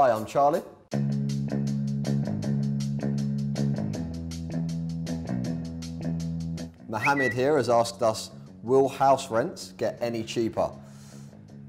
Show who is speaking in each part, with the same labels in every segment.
Speaker 1: Hi, I'm Charlie. Mohammed here has asked us, will house rents get any cheaper?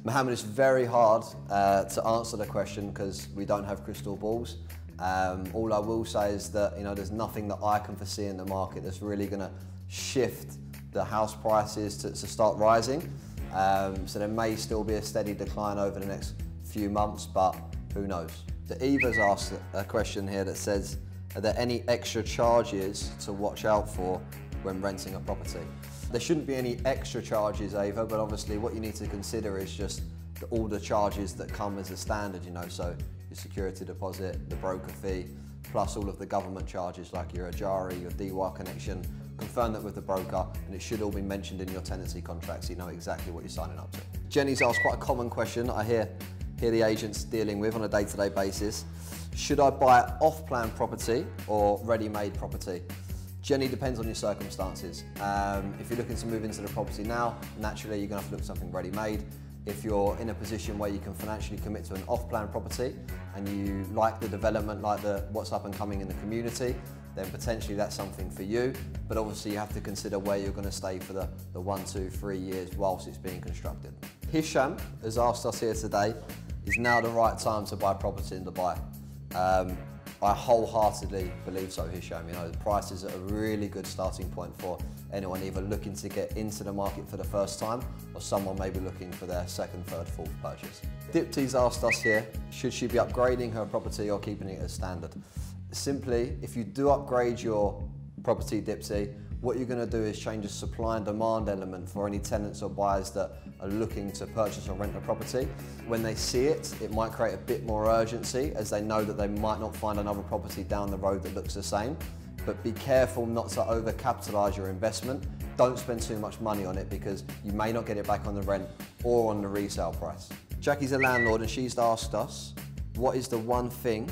Speaker 1: Mohammed, it's very hard uh, to answer the question because we don't have crystal balls. Um, all I will say is that you know there's nothing that I can foresee in the market that's really going to shift the house prices to, to start rising. Um, so there may still be a steady decline over the next few months, but who knows? The Eva's asked a question here that says, are there any extra charges to watch out for when renting a property? There shouldn't be any extra charges, Ava, but obviously what you need to consider is just the, all the charges that come as a standard, you know, so your security deposit, the broker fee, plus all of the government charges like your Ajari, your DWA connection, confirm that with the broker, and it should all be mentioned in your tenancy contract so you know exactly what you're signing up to. Jenny's asked quite a common question I hear hear the agents dealing with on a day-to-day basis. Should I buy off-plan property or ready-made property? Generally depends on your circumstances. Um, if you're looking to move into the property now, naturally you're gonna have to look at something ready-made. If you're in a position where you can financially commit to an off-plan property and you like the development, like the what's up and coming in the community, then potentially that's something for you. But obviously you have to consider where you're going to stay for the, the one, two, three years whilst it's being constructed. Hisham has asked us here today is now the right time to buy property in Dubai. Um, I wholeheartedly believe so, Hisham. You know, the price is a really good starting point for anyone either looking to get into the market for the first time or someone maybe looking for their second, third, fourth purchase. Dipti's asked us here, should she be upgrading her property or keeping it as standard? Simply, if you do upgrade your property Dipsy, what you're going to do is change the supply and demand element for any tenants or buyers that are looking to purchase or rent a property. When they see it, it might create a bit more urgency as they know that they might not find another property down the road that looks the same. But be careful not to overcapitalize your investment. Don't spend too much money on it because you may not get it back on the rent or on the resale price. Jackie's a landlord and she's asked us what is the one thing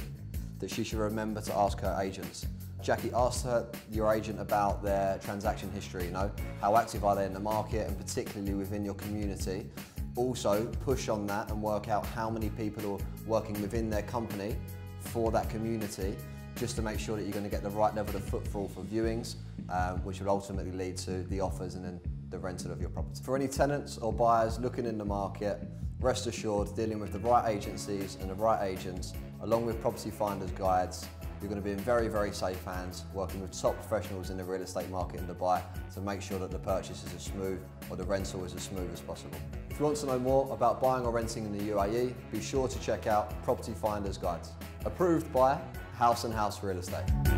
Speaker 1: that she should remember to ask her agents. Jackie, ask her, your agent about their transaction history, you know, how active are they in the market and particularly within your community. Also, push on that and work out how many people are working within their company for that community just to make sure that you're going to get the right level of footfall for viewings, um, which will ultimately lead to the offers and then the rental of your property. For any tenants or buyers looking in the market, rest assured dealing with the right agencies and the right agents, along with property finders guides, you're going to be in very, very safe hands, working with top professionals in the real estate market in Dubai to make sure that the purchase is as smooth or the rental is as smooth as possible. If you want to know more about buying or renting in the UAE, be sure to check out Property Finder's Guides, approved by House and House Real Estate.